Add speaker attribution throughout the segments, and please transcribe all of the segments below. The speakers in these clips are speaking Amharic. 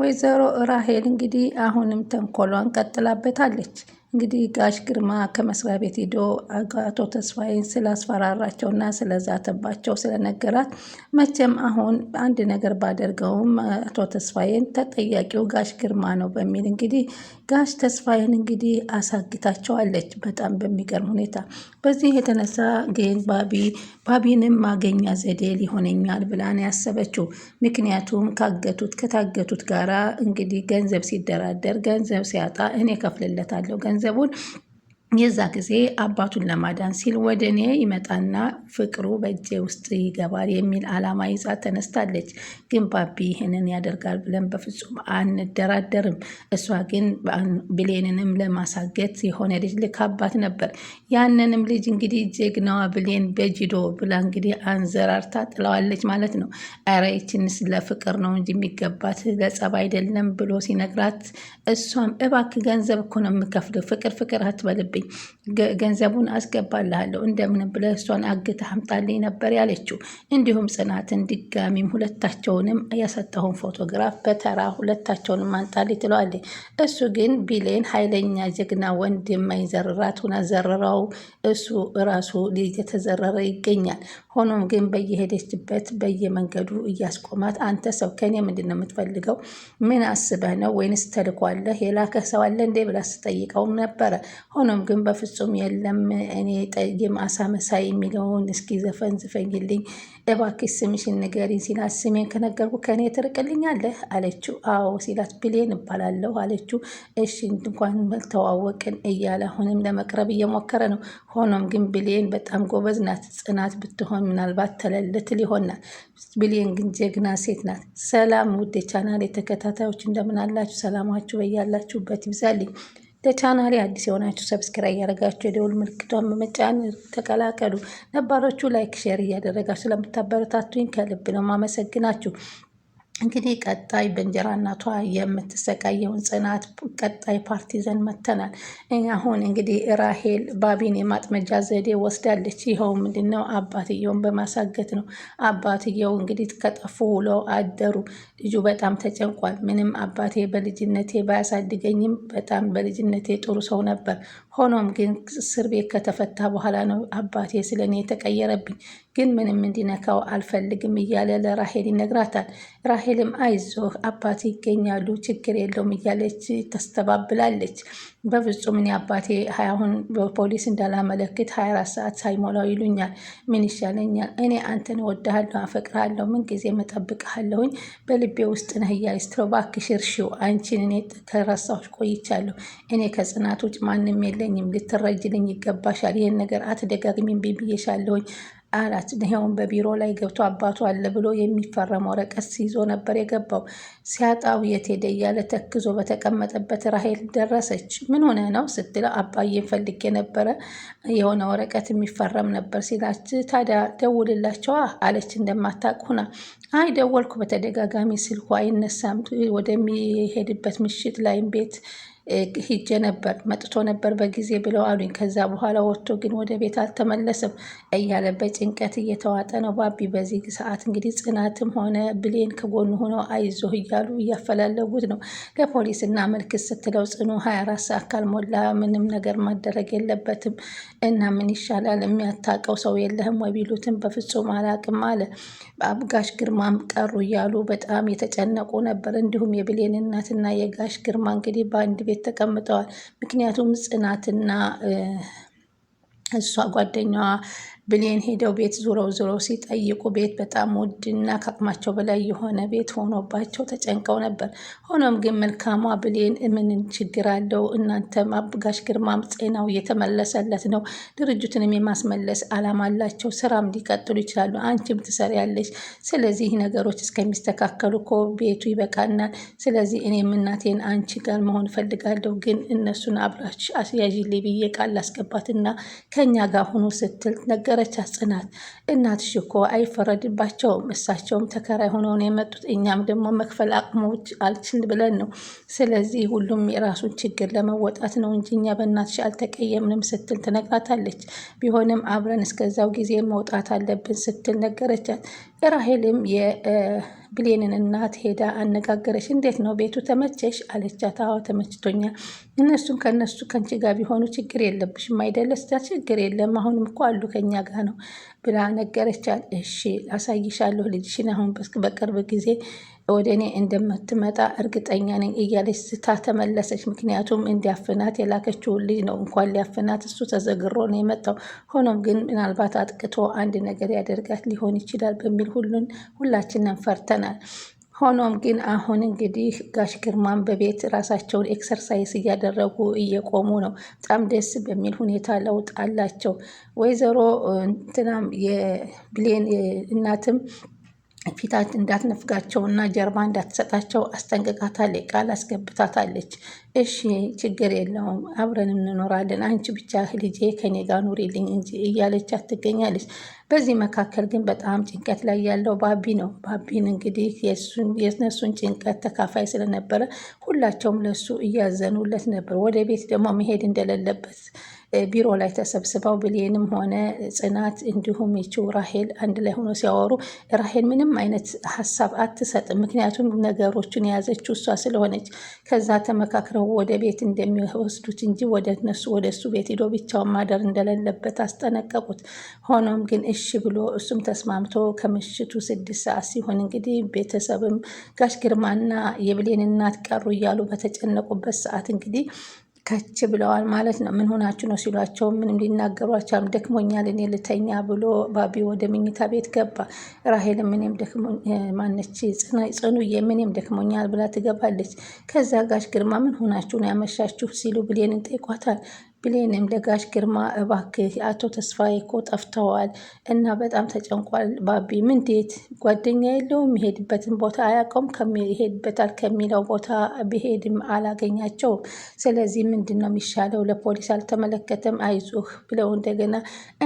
Speaker 1: ወይዘሮ ራሄል እንግዲህ አሁንም ተንኮሏን ቀጥላበታለች። እንግዲህ ጋሽ ግርማ ከመስሪያ ቤት ሄዶ አቶ ተስፋዬን ስላስፈራራቸውና ስለዛተባቸው ስለነገራት መቼም አሁን አንድ ነገር ባደርገውም አቶ ተስፋዬን ተጠያቂው ጋሽ ግርማ ነው በሚል እንግዲህ ጋሽ ተስፋዬን እንግዲህ አሳግታቸዋለች በጣም በሚገርም ሁኔታ። በዚህ የተነሳ ግን ባቢ ባቢንም ማገኛ ዘዴ ሊሆነኛል ብላን ያሰበችው ምክንያቱም ካገቱት ከታገቱት ጋራ እንግዲህ ገንዘብ ሲደራደር ገንዘብ ሲያጣ እኔ ከፍልለታለሁ ገንዘብ según የዛ ጊዜ አባቱን ለማዳን ሲል ወደ እኔ ይመጣና ፍቅሩ በእጄ ውስጥ ይገባል የሚል ዓላማ ይዛ ተነስታለች። ግን ባቢ ይህንን ያደርጋል ብለን በፍጹም አንደራደርም። እሷ ግን ብሌንንም ለማሳገት የሆነ ልጅ ልካባት ነበር። ያንንም ልጅ እንግዲህ ጀግናዋ ብሌን በጅዶ ብላ እንግዲህ አንዘራርታ ጥለዋለች ማለት ነው። ኧረ ይችንስ ለፍቅር ነው እንጂ የሚገባት ለጸብ አይደለም ብሎ ሲነግራት እሷም እባክህ ገንዘብ እኮ ነው የምከፍለው፣ ፍቅር ፍቅር አትበልብኝ ገንዘቡን አስገባልሃለሁ እንደምንም ብለ እሷን አግተ አምጣልኝ ነበር ያለችው። እንዲሁም ጽናትን ድጋሚም ሁለታቸውንም ያሰጠውን ፎቶግራፍ በተራ ሁለታቸውንም አምጣልኝ ትለዋለች። እሱ ግን ቢሌን ኃይለኛ ጀግና ወንድ የማይዘርራት ሁና ዘረራው እሱ ራሱ እየተዘረረ ይገኛል። ሆኖም ግን በየሄደችበት በየመንገዱ እያስቆማት አንተ ሰው ከኔ ምንድን ነው የምትፈልገው? ምን አስበህ ነው ወይንስ ተልኳለህ? የላከህ ሰው አለ እንዴ ብላ ስጠይቀውም ነበረ። ሆኖም ግን ግን በፍጹም የለም። እኔ ጠይም አሳ መሳይ የሚለውን እስኪ ዘፈን ዝፈኝልኝ እባክሽ ስምሽን ንገሪኝ ሲላት ስሜን ከነገርኩ ከእኔ ትርቅልኛለህ አለችው። አዎ ሲላት ብሌን እባላለሁ አለችው። እሺ እንኳን ተዋወቅን እያለ አሁንም ለመቅረብ እየሞከረ ነው። ሆኖም ግን ብሌን በጣም ጎበዝ ናት። ጽናት ብትሆን ምናልባት ተለልት ሊሆናል። ብሌን ግን ጀግና ሴት ናት። ሰላም ውድ የቻናል የተከታታዮች እንደምን አላችሁ? ሰላማችሁ በያላችሁበት ይብዛልኝ። ለቻናሌ አዲስ የሆናችሁ ሰብስክራይብ እያደረጋችሁ የደውል ምልክቷን በመጫን ተቀላቀሉ። ነባሮቹ ላይክ፣ ሼር እያደረጋችሁ ስለምታበረታቱኝ ከልብ ነው ማመሰግናችሁ። እንግዲህ ቀጣይ በእንጀራ እናቷ የምትሰቃየውን ጽናት ቀጣይ ፓርቲ ይዘን መተናል። አሁን እንግዲህ ራሄል ባቢን የማጥመጃ ዘዴ ወስዳለች። ይኸው ምንድን ነው? አባትየውን በማሳገት ነው። አባትየው እንግዲህ ከጠፉ ውሎ አደሩ። ልጁ በጣም ተጨንቋል። ምንም አባቴ በልጅነቴ ባያሳድገኝም በጣም በልጅነቴ ጥሩ ሰው ነበር። ሆኖም ግን እስር ቤት ከተፈታ በኋላ ነው አባቴ ስለኔ የተቀየረብኝ። ግን ምንም እንዲነካው አልፈልግም እያለ ለራሄል ይነግራታል። ራሄልም አይዞህ አባቴ ይገኛሉ ችግር የለውም እያለች ተስተባብላለች። በፍጹም እኔ አባቴ አሁን በፖሊስ እንዳላመለክት 24 ሰዓት ሳይሞላው ይሉኛል። ምን ይሻለኛል? እኔ አንተን እወድሃለሁ፣ አፈቅርሃለሁ፣ ጊዜ እጠብቅሃለሁኝ በልቤ ውስጥ ነህ እያይስትሮ እባክሽ አንቺን እኔ ከረሳሁሽ ቆይቻለሁ። እኔ ከጽናት ውጭ ማንም የለኝም። ልትረጅልኝ ይገባሻል። ይህን ነገር አትደጋግሚም ብዬሻለሁኝ አላት። ይኸውም በቢሮ ላይ ገብቶ አባቱ አለ ብሎ የሚፈረም ወረቀት ሲይዞ ነበር የገባው። ሲያጣው የት ሄደ እያለ ተክዞ በተቀመጠበት ራሄል ደረሰች። ምን ሆነ ነው ስትለ አባዬን ፈልጌ ነበረ የሆነ ወረቀት የሚፈረም ነበር ሲላች፣ ታዲያ ደውልላቸዋ አለች እንደማታውቅ ሁና። አይ ደወልኩ በተደጋጋሚ ስልኩ አይነሳም። ወደሚሄድበት ምሽት ላይም ቤት ሂጄ ነበር መጥቶ ነበር በጊዜ ብለው አሉኝ። ከዛ በኋላ ወጥቶ ግን ወደ ቤት አልተመለስም እያለ በጭንቀት እየተዋጠ ነው ባቢ። በዚህ ሰዓት እንግዲህ ጽናትም ሆነ ብሌን ከጎኑ ሆነው አይዞህ እያሉ እያፈላለጉት ነው። እና መልክት ስትለው ጽኑ ሀያ አራት ሰዓት ካልሞላ ምንም ነገር ማደረግ የለበትም እና ምን ይሻላል የሚያታቀው ሰው የለህም ወይ ቢሉትም በፍጹም አላቅም አለ። አጋሽ ግርማም ቀሩ እያሉ በጣም የተጨነቁ ነበር። እንዲሁም የብሌን እናትና የጋሽ ግርማ እንግዲህ በአንድ ቤት ቤት ተቀምጠዋል። ምክንያቱም ጽናትና እሷ ጓደኛዋ ብሌን ሄደው ቤት ዙረው ዙረው ሲጠይቁ ቤት በጣም ውድና ከአቅማቸው በላይ የሆነ ቤት ሆኖባቸው ተጨንቀው ነበር። ሆኖም ግን መልካሟ ብሌን ምን ችግር አለው እናንተም አብጋሽ ግርማም ጤናው እየተመለሰለት ነው፣ ድርጅቱንም የማስመለስ አላማ አላቸው፣ ስራም ሊቀጥሉ ይችላሉ፣ አንቺም ትሰሪያለሽ። ስለዚህ ነገሮች እስከሚስተካከሉ እኮ ቤቱ ይበቃናል። ስለዚህ እኔም እናቴን አንቺ ጋር መሆን እፈልጋለሁ፣ ግን እነሱን አብራች አስያዥ ብዬ ቃል አስገባትና ከእኛ ጋር ሁኑ ስትል ነገር ነገረቻት ጽናት። እናትሽ እኮ አይፈረድባቸውም፣ እሳቸውም ተከራይ ሆነው ነው የመጡት፣ እኛም ደግሞ መክፈል አቅሞች አልችን ብለን ነው። ስለዚህ ሁሉም የራሱን ችግር ለመወጣት ነው እንጂ እኛ በእናትሽ አልተቀየምንም ስትል ትነግራታለች። ቢሆንም አብረን እስከዛው ጊዜ መውጣት አለብን ስትል ነገረቻት። ራሄልም ብሌንን እናት ሄዳ አነጋገረች። እንዴት ነው ቤቱ ተመቸሽ አለቻት። አዎ ተመችቶኛል። እነሱም ከነሱ ከንቺ ጋር ቢሆኑ ችግር የለብሽም አይደለ? ስታት ችግር የለም አሁንም እኮ አሉ ከኛ ጋር ነው ብላ ነገረቻት። እሺ አሳይሻለሁ ልጅሽን አሁን በቅርብ ጊዜ ወደ እኔ እንደምትመጣ እርግጠኛ ነኝ እያለች ስታ ተመለሰች። ምክንያቱም እንዲያፍናት የላከችውን ልጅ ነው። እንኳን ሊያፍናት እሱ ተዘግሮ ነው የመጣው። ሆኖም ግን ምናልባት አጥቅቶ አንድ ነገር ያደርጋት ሊሆን ይችላል በሚል ሁሉን ሁላችንም ፈርተናል። ሆኖም ግን አሁን እንግዲህ ጋሽ ግርማን በቤት ራሳቸውን ኤክሰርሳይዝ እያደረጉ እየቆሙ ነው። በጣም ደስ በሚል ሁኔታ ለውጥ አላቸው። ወይዘሮ እንትናም የብሌን እናትም ፊታት እንዳትነፍጋቸውና ጀርባ እንዳትሰጣቸው አስጠንቅቃታለች፣ ቃል አስገብታታለች። እሺ ችግር የለውም አብረን እንኖራለን፣ አንቺ ብቻ ልጄ ከኔ ጋር ኑሪልኝ እንጂ እያለች ትገኛለች። በዚህ መካከል ግን በጣም ጭንቀት ላይ ያለው ባቢ ነው። ባቢን እንግዲህ የነሱን ጭንቀት ተካፋይ ስለነበረ ሁላቸውም ለሱ እያዘኑለት ነበር። ወደ ቤት ደግሞ መሄድ እንደሌለበት ቢሮ ላይ ተሰብስበው ብሌንም ሆነ ጽናት እንዲሁም ይችው ራሄል አንድ ላይ ሆኖ ሲያወሩ ራሄል ምንም አይነት ሀሳብ አትሰጥም። ምክንያቱም ነገሮችን የያዘችው እሷ ስለሆነች ከዛ ተመካክረው ወደ ቤት እንደሚወስዱት እንጂ ወደ እነሱ ወደ እሱ ቤት ሂዶ ብቻውን ማደር እንደሌለበት አስጠነቀቁት። ሆኖም ግን እሺ ብሎ እሱም ተስማምቶ ከምሽቱ ስድስት ሰዓት ሲሆን እንግዲህ ቤተሰብም ጋሽ ግርማና የብሌን እናት ቀሩ እያሉ በተጨነቁበት ሰዓት እንግዲህ ከች ብለዋል ማለት ነው። ምን ሆናችሁ ነው ሲሏቸው ምንም ሊናገሩ ደክሞኛል እኔ ልተኛ ብሎ ባቢ ወደ መኝታ ቤት ገባ። ራሄል ምንም ደክሞ ማነች ጽኑዬ ምንም ደክሞኛል ብላ ትገባለች። ከዛ ጋሽ ግርማ ምን ሆናችሁ ነው ያመሻችሁ ሲሉ ብሌንን ጠይቋታል። ብሌንም ለጋሽ ግርማ እባክህ አቶ ተስፋዬ እኮ ጠፍተዋል እና በጣም ተጨንቋል። ባቢ ምንዴት ጓደኛ የለውም የሄድበትን ቦታ አያውቀውም፣ ይሄድበታል ከሚለው ቦታ ብሄድም አላገኛቸውም። ስለዚህ ምንድን ነው የሚሻለው? ለፖሊስ አልተመለከተም፣ አይዞህ ብለው እንደገና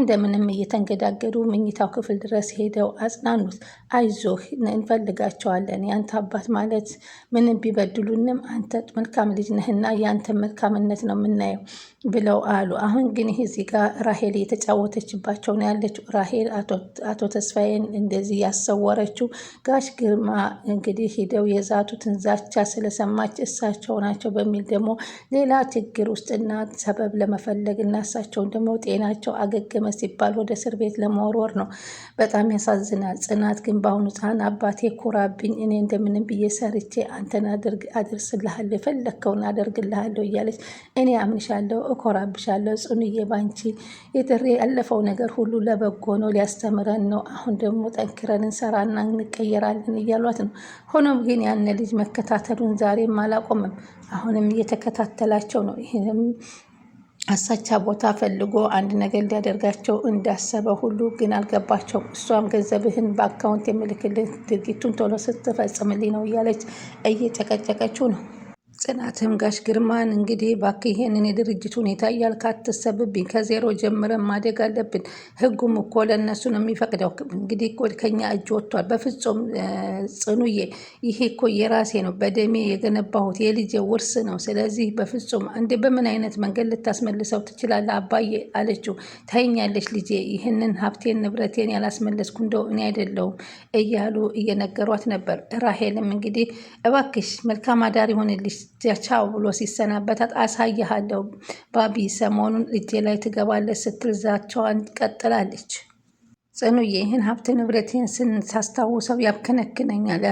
Speaker 1: እንደምንም እየተንገዳገዱ መኝታው ክፍል ድረስ ሄደው አጽናኑት። አይዞህ እንፈልጋቸዋለን። ያንተ አባት ማለት ምንም ቢበድሉንም አንተ መልካም ልጅ ነህና የአንተ መልካምነት ነው የምናየው ብለው አሉ። አሁን ግን ይህ እዚህ ጋር ራሄል እየተጫወተችባቸው ነው ያለችው። ራሄል አቶ ተስፋዬን እንደዚህ ያሰወረችው ጋሽ ግርማ እንግዲህ ሂደው የዛቱትን ዛቻ ስለሰማች እሳቸው ናቸው በሚል ደግሞ ሌላ ችግር ውስጥና ሰበብ ለመፈለግ እና እሳቸውን ደግሞ ጤናቸው አገገመ ሲባል ወደ እስር ቤት ለመወርወር ነው። በጣም ያሳዝናል። ጽናት ግን በአሁኑ ሰዓት አባቴ ኩራብኝ፣ እኔ እንደምንም ብዬ ሰርቼ አንተን አደርስልሃለሁ፣ የፈለግከውን አደርግልሃለሁ እያለች እኔ አምንሻለሁ እኮራ እኮራብሻለሁ ጽኑዬ ባንቺ የጥሬ ያለፈው ነገር ሁሉ ለበጎ ነው፣ ሊያስተምረን ነው። አሁን ደግሞ ጠንክረን እንሰራና እንቀየራለን እያሏት ነው። ሆኖም ግን ያን ልጅ መከታተሉን ዛሬም አላቆምም። አሁንም እየተከታተላቸው ነው። ይህንም አሳቻ ቦታ ፈልጎ አንድ ነገር እንዲያደርጋቸው እንዳሰበ ሁሉ ግን አልገባቸውም። እሷም ገንዘብህን በአካውንት የምልክልን ድርጊቱን ቶሎ ስትፈጽምልኝ ነው እያለች እየጨቀጨቀችው ነው። ጽናትም ጋሽ ግርማን እንግዲህ እባክህ ይሄንን የድርጅት ሁኔታ እያልካትሰብብኝ ከዜሮ ጀምረን ማደግ አለብን። ህጉም እኮ ለእነሱ ነው የሚፈቅደው። እንግዲህ እኮ ከኛ እጅ ወጥቷል። በፍጹም ጽኑዬ፣ ይሄ እኮ የራሴ ነው፣ በደሜ የገነባሁት የልጄ ውርስ ነው። ስለዚህ በፍጹም እንዴ፣ በምን አይነት መንገድ ልታስመልሰው ትችላለህ? አባዬ አለችው። ታይኛለች ልጄ፣ ይህንን ሀብቴን ንብረቴን ያላስመለስኩ እንደው እኔ አይደለሁም እያሉ እየነገሯት ነበር። ራሄልም እንግዲህ እባክሽ መልካም አዳር ይሆንልሽ ቻው ብሎ ሲሰናበታት አሳይሃለሁ ባቢ ሰሞኑን እጄ ላይ ትገባለች ስትል ዛቻዋን ቀጥላለች። ጽኑዬ ይህን ሀብት ንብረቴን ሳስታውሰው ያብከነክነኛል፣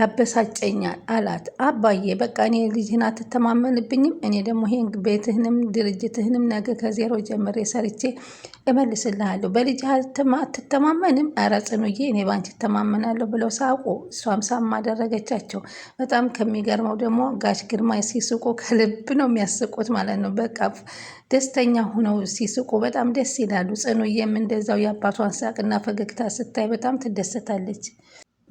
Speaker 1: ያበሳጨኛል አላት። አባዬ በቃ እኔ ልጅህን አትተማመንብኝም። እኔ ደግሞ ይህን ቤትህንም ድርጅትህንም ነገ ከዜሮ ጀምሬ ሰርቼ እመልስልሃለሁ በልጅ አትተማመንም? ኧረ ጽኑዬ እኔ ባንቺ እተማመናለሁ ብለው ሳቁ። እሷም ሳም አደረገቻቸው። በጣም ከሚገርመው ደግሞ ጋሽ ግርማ ሲስቁ ከልብ ነው የሚያስቁት ማለት ነው። በቃ ደስተኛ ሆነው ሲስቁ በጣም ደስ ይላሉ። ጽኑዬም እንደዛው የአባቷን ሳቅና ፈገግታ ስታይ በጣም ትደሰታለች።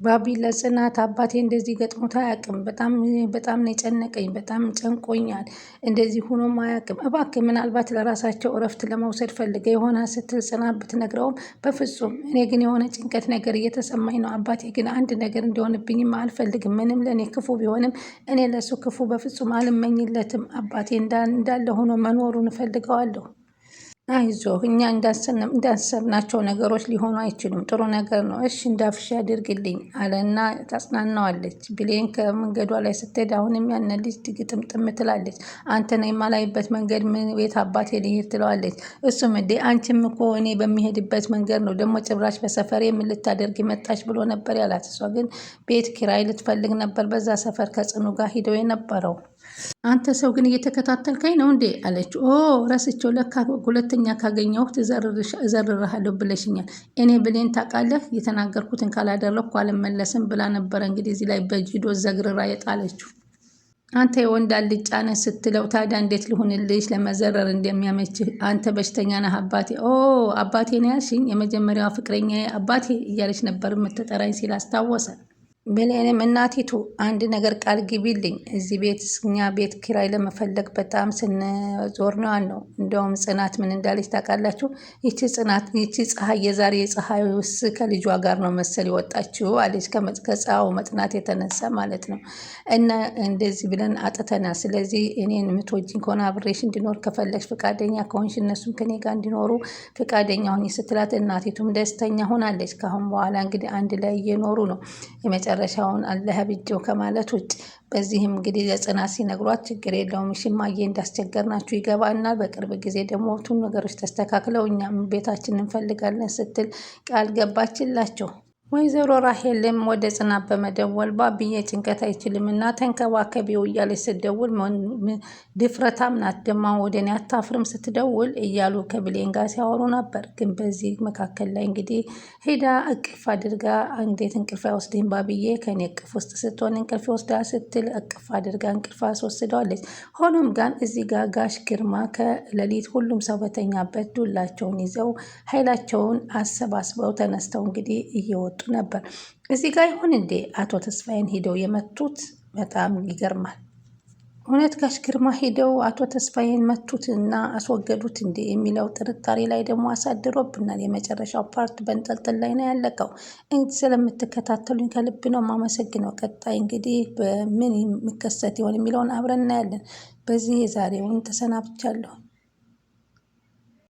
Speaker 1: ባቢ ለጽናት አባቴ እንደዚህ ገጥሞት አያውቅም። በጣም በጣም ነው የጨነቀኝ፣ በጣም ጨንቆኛል። እንደዚህ ሆኖም አያውቅም። እባክህ ምናልባት ለራሳቸው እረፍት ለመውሰድ ፈልገ የሆነ ስትል ጽናት ብትነግረውም በፍጹም እኔ ግን የሆነ ጭንቀት ነገር እየተሰማኝ ነው። አባቴ ግን አንድ ነገር እንዲሆንብኝም አልፈልግም። ምንም ለእኔ ክፉ ቢሆንም እኔ ለሱ ክፉ በፍጹም አልመኝለትም። አባቴ እንዳለ ሆኖ መኖሩን እፈልገዋለሁ። አይዞህ እኛ እንዳሰብናቸው ነገሮች ሊሆኑ አይችሉም። ጥሩ ነገር ነው። እሺ እንዳፍሽ አድርግልኝ አለና ታጽናናዋለች። ብሌን ከመንገዷ ላይ ስትሄድ አሁንም ያንን ልጅ ትግጥምጥም ትላለች። አንተን የማላይበት መንገድ ምን ቤት አባቴ ልሄድ ትለዋለች። እሱም እንዴ አንቺም እኮ እኔ በሚሄድበት መንገድ ነው ደግሞ ጭብራሽ በሰፈር የምልታደርግ መጣች ብሎ ነበር ያላት። እሷ ግን ቤት ኪራይ ልትፈልግ ነበር። በዛ ሰፈር ከጽኑ ጋር ሂደው የነበረው አንተ ሰው ግን እየተከታተልከኝ ነው እንዴ አለችው። ኦ ረስቸው ለካ ሁለተኛ ካገኘሁ እዘርርሃለሁ ብለሽኛል። እኔ ብሌን ታውቃለህ፣ የተናገርኩትን ካላደረግኩ አልመለስም ብላ ነበረ እንግዲህ እዚህ ላይ በጅዶ ዘግርራ የጣለችው። አንተ የወንድ አልጫ ነህ ስትለው ታዲያ እንዴት ልሁንልሽ ለመዘረር እንደሚያመችህ አንተ በሽተኛ ነህ አባቴ ኦ አባቴ ነው ያልሽኝ የመጀመሪያዋ ፍቅረኛ አባቴ እያለች ነበር የምትጠራኝ ሲል አስታወሰ። ብሌንም እናቲቱ አንድ ነገር ቃል ግቢልኝ፣ እዚህ ቤት እኛ ቤት ኪራይ ለመፈለግ በጣም ስንዞር ነው ነው። እንደውም ጽናት ምን እንዳለች ታውቃላችሁ? ይቺ ጽናት ይቺ ፀሐይ የዛሬ የፀሐይ ውስ ከልጇ ጋር ነው መሰል የወጣችው አለች። ከፀሐው መጥናት የተነሳ ማለት ነው። እና እንደዚህ ብለን አጥተናል። ስለዚህ እኔን የምትወጂኝ ከሆነ አብሬሽ እንዲኖር ከፈለግሽ፣ ፈቃደኛ ከሆንሽ እነሱም ከኔ ጋር እንዲኖሩ ፈቃደኛ ሁኝ ስትላት እናቲቱም ደስተኛ ሆናለች። ካሁን በኋላ እንግዲህ አንድ ላይ እየኖሩ ነው። መጨረሻውን አለህ ከማለት ውጭ በዚህም እንግዲህ ለጽናት ሲነግሯት ችግር የለውም ሽማዬ እንዳስቸገርናችሁ ይገባናል፣ በቅርብ ጊዜ ደግሞ ሁሉም ነገሮች ተስተካክለው እኛም ቤታችን እንፈልጋለን ስትል ቃል ገባችላቸው። ወይዘሮ ራሄልም ወደ ጽናት በመደወል ባብዬ ጭንቀት አይችልም እና ተንከባከቢው እያለች ስትደውል ድፍረታም ናት ደማ ወደ እኔ አታፍርም ስትደውል እያሉ ከብሌን ጋር ሲያወሩ ነበር። ግን በዚህ መካከል ላይ እንግዲህ ሄዳ እቅፍ አድርጋ እንዴት እንቅልፍ አይወስድህም ባብዬ ከኔ እቅፍ ውስጥ ስትሆን እንቅልፍ ወስዳ ስትል እቅፍ አድርጋ እንቅልፍ አስወስደዋለች። ሆኖም ጋን እዚህ ጋር ጋሽ ግርማ ከሌሊት ሁሉም ሰው በተኛበት ዱላቸውን ይዘው ኃይላቸውን አሰባስበው ተነስተው እንግዲህ እየወጡ ነበር። እዚህ ጋር ይሁን እንዴ አቶ ተስፋዬን ሄደው የመቱት? በጣም ይገርማል። እውነት ጋሽ ግርማ ሄደው አቶ ተስፋዬን መቱት እና አስወገዱት እንዴ የሚለው ጥርጣሬ ላይ ደግሞ አሳድሮብናል። የመጨረሻው ፓርት በንጠልጥል ላይ ነው ያለቀው። እንግዲህ ስለምትከታተሉኝ ከልብ ነው ማመሰግነው። ቀጣይ እንግዲህ በምን የሚከሰት ይሆን የሚለውን አብረን እናያለን። በዚህ የዛሬውን ተሰናብቻለሁ።